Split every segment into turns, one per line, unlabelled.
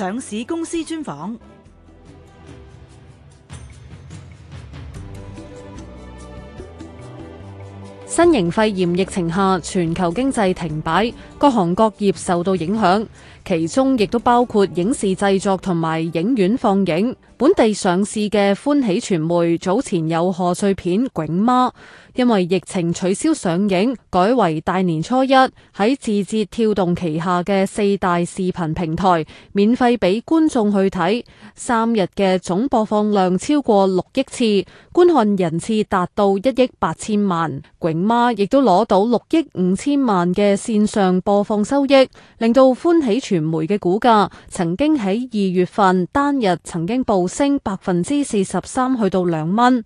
上市公司專訪：新型肺炎疫情下，全球經濟停擺，各行各業受到影響，其中亦都包括影視製作同埋影院放映。本地上市嘅歡喜傳媒早前有賀歲片《囧媽》。因為疫情取消上映，改為大年初一喺字節跳動旗下嘅四大視頻平台免費俾觀眾去睇，三日嘅總播放量超過六億次，觀看人次達到一億八千萬。囧媽亦都攞到六億五千萬嘅線上播放收益，令到歡喜傳媒嘅股價曾經喺二月份單日曾經暴升百分之四十三，去到兩蚊。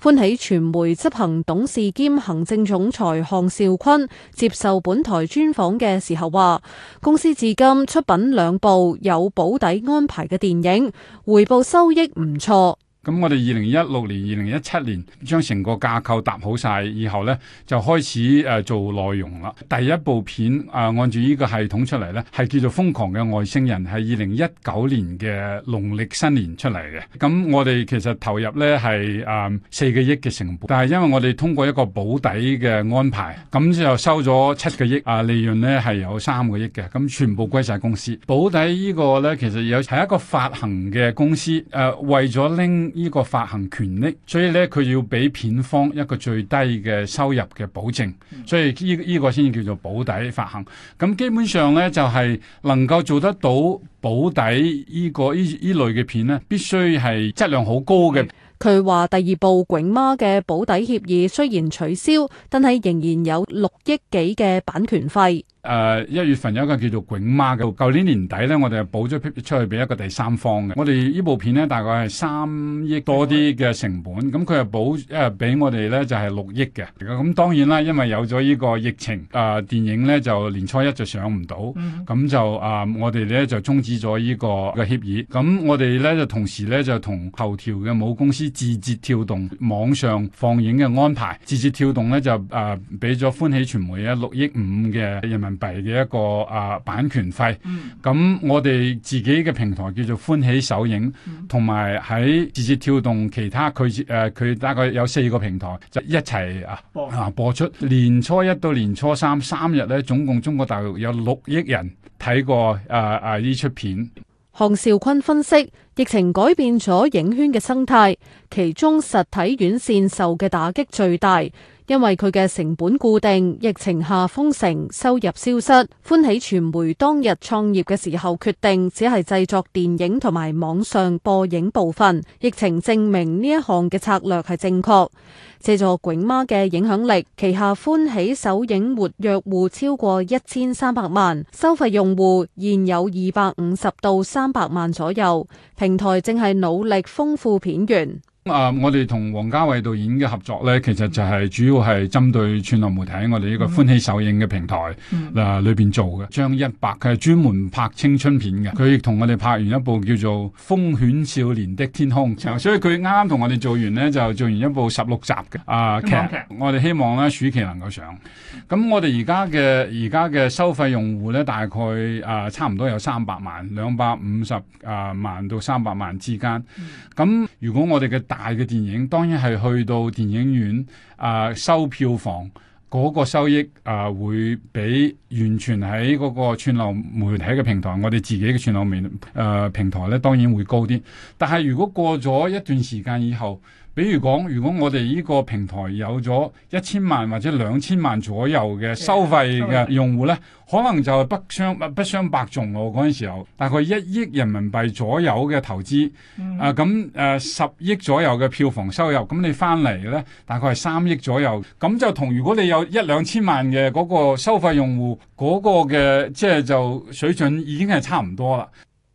歡喜傳媒執行董事。事兼行政總裁項紹琨接受本台專訪嘅時候話，公司至今出品兩部有保底安排嘅電影，回報收益唔錯。
咁我哋二零一六年、二零一七年將成個架構搭好晒，以後呢就開始誒、呃、做內容啦。第一部片啊、呃，按住呢個系統出嚟呢係叫做《瘋狂嘅外星人》，係二零一九年嘅農曆新年出嚟嘅。咁、嗯、我哋其實投入呢係誒四個億嘅成本，但係因為我哋通過一個保底嘅安排，咁就收咗七個億啊，利潤呢係有三個億嘅。咁全部歸晒公司。保底呢個呢其實有係一個發行嘅公司，誒、呃、為咗拎。呢個發行權益，所以咧佢要俾片方一個最低嘅收入嘅保證，所以呢依個先叫做保底發行。咁基本上咧就係、是、能夠做得到保底呢、這個呢依類嘅片呢，必須係質量好高嘅。
佢話第二部《囧媽》嘅保底協議雖然取消，但係仍然有六億幾嘅版權費。
誒，一、uh, 月份有一個叫做媽、《囧媽》嘅，舊年年底咧，我哋係補咗出去俾一個第三方嘅。我哋呢部片咧，大概係三億多啲嘅成本，咁佢係補誒俾我哋咧就係六億嘅。咁當然啦，因為有咗呢個疫情，誒、啊、電影咧就年初一就上唔到，咁、mm hmm. 就啊我哋咧就終止咗呢個嘅協議。咁我哋咧就同時咧就同頭條嘅母公司字節跳動網上放映嘅安排，字節跳動咧就誒俾咗歡喜傳媒一六億五嘅人民。幣嘅一個啊版權費，咁、嗯、我哋自己嘅平台叫做歡喜首映，同埋喺字節跳動，其他佢誒佢大概有四個平台就一齊啊播出啊播出。年初一到年初三三日咧，總共中國大陸有六億人睇過啊啊呢出片。
項紹琨分析，疫情改變咗影圈嘅生態。其中實體院線受嘅打擊最大，因為佢嘅成本固定，疫情下封城，收入消失。歡喜傳媒當日創業嘅時候決定，只係製作電影同埋網上播映部分。疫情證明呢一項嘅策略係正確。借助囧媽嘅影響力，旗下歡喜首映活躍戶超過一千三百萬，收費用戶現有二百五十到三百萬左右。平台正係努力豐富片源。
啊、呃，我哋同王家衛導演嘅合作呢，其實就係主要係針對串流媒體，我哋呢個歡喜首映嘅平台嗱、嗯呃、裏邊做嘅。張一白佢係專門拍青春片嘅，佢亦同我哋拍完一部叫做《風犬少年的天空》，嗯、所以佢啱啱同我哋做完呢，就做完一部十六集嘅啊劇。我哋希望呢暑期能夠上。咁、嗯、我哋而家嘅而家嘅收費用戶呢，大概啊、呃、差唔多有三百萬，兩百五十啊萬到三百萬之間。咁、嗯嗯、如果我哋嘅大嘅電影當然係去到電影院啊、呃，收票房嗰、那個收益啊、呃，會比完全喺嗰個串流媒體嘅平台，我哋自己嘅串流媒誒、呃、平台咧，當然會高啲。但係如果過咗一段時間以後，比如講，如果我哋呢個平台有咗一千萬或者兩千萬左右嘅收費嘅用戶呢，可能就係不相不不相伯仲咯。嗰時候大概一億人民幣左右嘅投資，嗯、啊咁誒十億左右嘅票房收入，咁你翻嚟呢，大概係三億左右，咁就同如果你有一兩千萬嘅嗰個收費用戶嗰、嗰個嘅即係就水準已經係差唔多啦。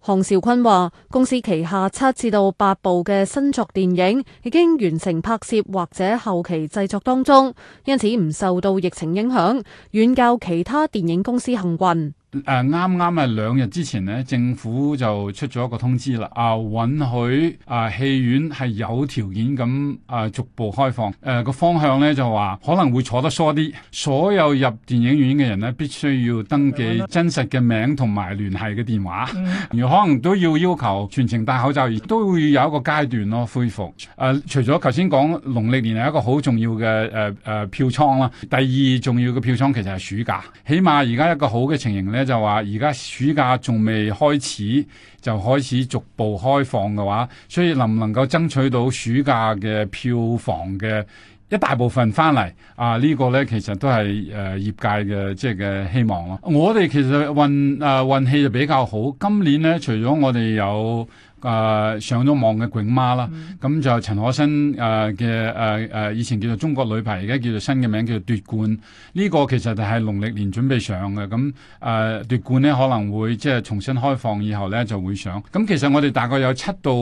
項紹琨話：公司旗下七至到八部嘅新作電影已經完成拍攝或者後期製作當中，因此唔受到疫情影響，遠較其他電影公司幸運。
誒，啱啱係兩日之前咧，政府就出咗一個通知啦，啊，允許啊戲院係有條件咁誒、啊、逐步開放。誒、啊、個方向咧就話可能會坐得疏啲，所有入電影院嘅人咧必須要登記真實嘅名同埋聯繫嘅電話，而、嗯、可能都要要求全程戴口罩，亦都會有一個階段咯恢復。誒、啊，除咗頭先講農曆年係一個好重要嘅誒誒票倉啦，第二重要嘅票倉其實係暑假，起碼而家一個好嘅情形咧。咧就話而家暑假仲未開始，就開始逐步開放嘅話，所以能唔能夠爭取到暑假嘅票房嘅一大部分翻嚟啊？呢個呢其實都係誒、呃、業界嘅即係希望咯。我哋其實運誒、呃、運氣就比較好，今年呢，除咗我哋有。誒上咗網嘅囧媽啦，咁、嗯、就陳可辛誒嘅誒誒以前叫做中國女排，而家叫做新嘅名叫做奪冠。呢、這個其實就係農曆年準備上嘅，咁誒、呃、奪冠呢可能會即係、就是、重新開放以後呢就會上。咁其實我哋大概有七到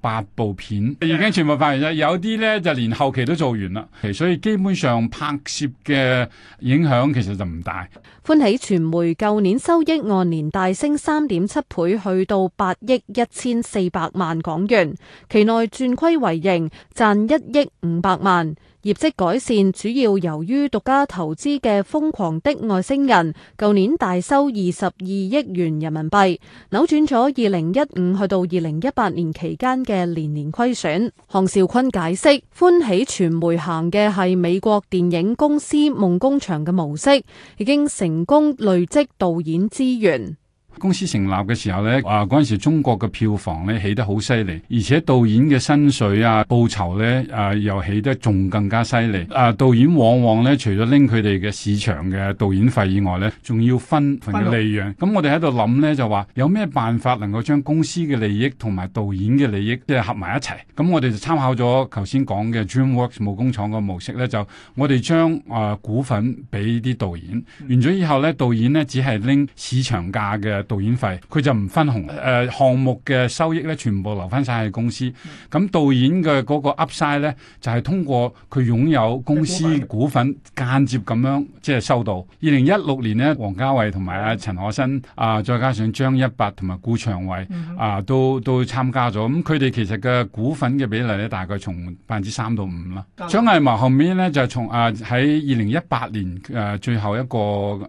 八部片已經全部拍完啦，有啲呢就連後期都做完啦，所以基本上拍攝嘅影響其實就唔大。
歡喜傳媒舊年收益按年大升三點七倍，去到八億一千四百萬港元，期內轉虧為盈，賺一億五百萬。業績改善主要由於獨家投資嘅《瘋狂的外星人》舊年大收二十二億元人民幣，扭轉咗二零一五去到二零一八年期間嘅年年虧損。項紹琨解釋：歡喜傳媒行嘅係美國電影公司夢工場嘅模式，已經成功累積導演資源。公
司成立嘅時候呢，啊嗰陣時中國嘅票房呢起得好犀利，而且導演嘅薪水啊報酬咧，誒、啊、又起得仲更加犀利。啊，導演往往咧除咗拎佢哋嘅市場嘅導演費以外咧，仲要分分利潤。咁了我哋喺度諗呢就話有咩辦法能夠將公司嘅利益同埋導演嘅利益即係合埋一齊？咁我哋就參考咗頭先講嘅 DreamWorks 夢工廠個模式咧，就我哋將誒股份俾啲導演，嗯、完咗以後咧，導演咧只係拎市場價嘅。導演費佢就唔分紅誒，項、呃、目嘅收益咧，全部留翻晒喺公司。咁、嗯、導演嘅嗰個 upside 咧，就係、是、通過佢擁有公司股份間接咁樣即係、就是、收到。二零一六年呢，王家衛同埋啊陳可辛啊、呃，再加上張一白同埋顧長衛啊、嗯哼呃，都都參加咗。咁佢哋其實嘅股份嘅比例咧，大概從百分之三到五啦。張藝謀後面咧就從啊喺二零一八年誒、呃、最後一個誒參、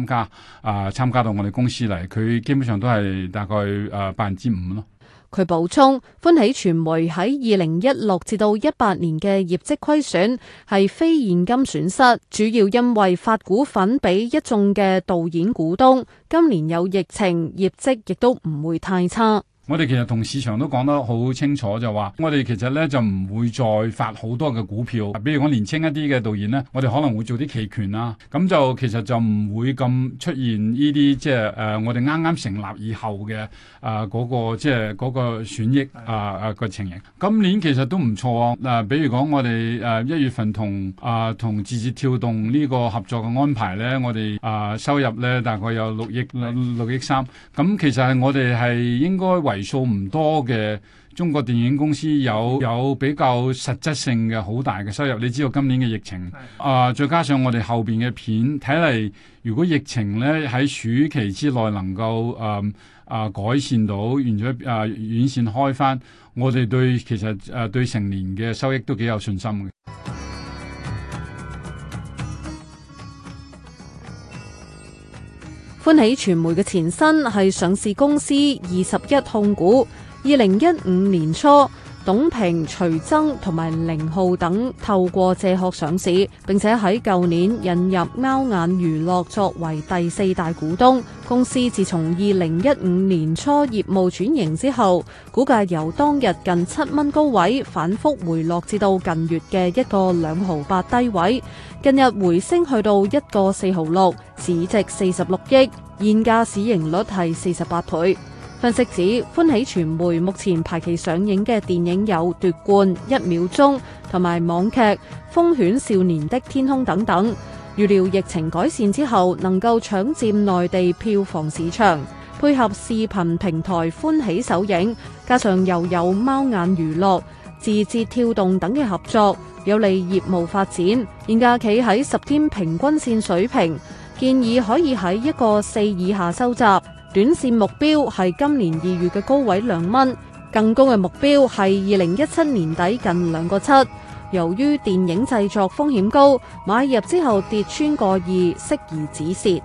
呃、加啊參、呃、加到我哋公司嚟。佢基本上都係大概誒百分之五咯。
佢補充：歡喜傳媒喺二零一六至到一八年嘅業績虧損係非現金損失，主要因為發股份俾一眾嘅導演股東。今年有疫情，業績亦都唔會太差。
我哋其實同市場都講得好清楚，就話我哋其實咧就唔會再發好多嘅股票。比如講年輕一啲嘅導演咧，我哋可能會做啲期權啦、啊。咁就其實就唔會咁出現呢啲即係誒、呃、我哋啱啱成立以後嘅啊嗰個即係嗰、嗰個損益啊啊個情形。今年其實都唔錯啊！嗱、呃，譬如講我哋誒一月份同啊同字節跳動呢個合作嘅安排咧，我哋啊、呃、收入咧大概有六億的六億三。咁、嗯、其實係我哋係應該為係數唔多嘅中國電影公司，有有比較實質性嘅好大嘅收入，你知道今年嘅疫情，啊的、呃，再加上我哋後邊嘅片，睇嚟如果疫情咧喺暑期之內能夠誒誒、呃呃、改善到，完咗誒院線開翻，我哋對其實誒、呃、對成年嘅收益都幾有信心嘅。
歡喜傳媒嘅前身係上市公司二十一控股，二零一五年初。董平、徐崢同埋寧浩等透過借殼上市，並且喺舊年引入貓眼娛樂作為第四大股東。公司自從二零一五年初業務轉型之後，股價由當日近七蚊高位反復回落至到近月嘅一個兩毫八低位。近日回升去到一個四毫六，市值四十六億，現價市盈率係四十八倍。分析指，歡喜傳媒目前排期上映嘅電影有《奪冠》、《一秒鐘》同埋網劇《瘋犬少年的天空》等等，預料疫情改善之後能夠搶佔內地票房市場，配合視頻平台歡喜首映，加上又有貓眼娛樂、字節跳動等嘅合作，有利業務發展。現價企喺十天平均線水平，建議可以喺一個四以下收集。短線目標係今年二月嘅高位兩蚊，更高嘅目標係二零一七年底近兩個七。由於電影製作風險高，買入之後跌穿個二，適宜止蝕。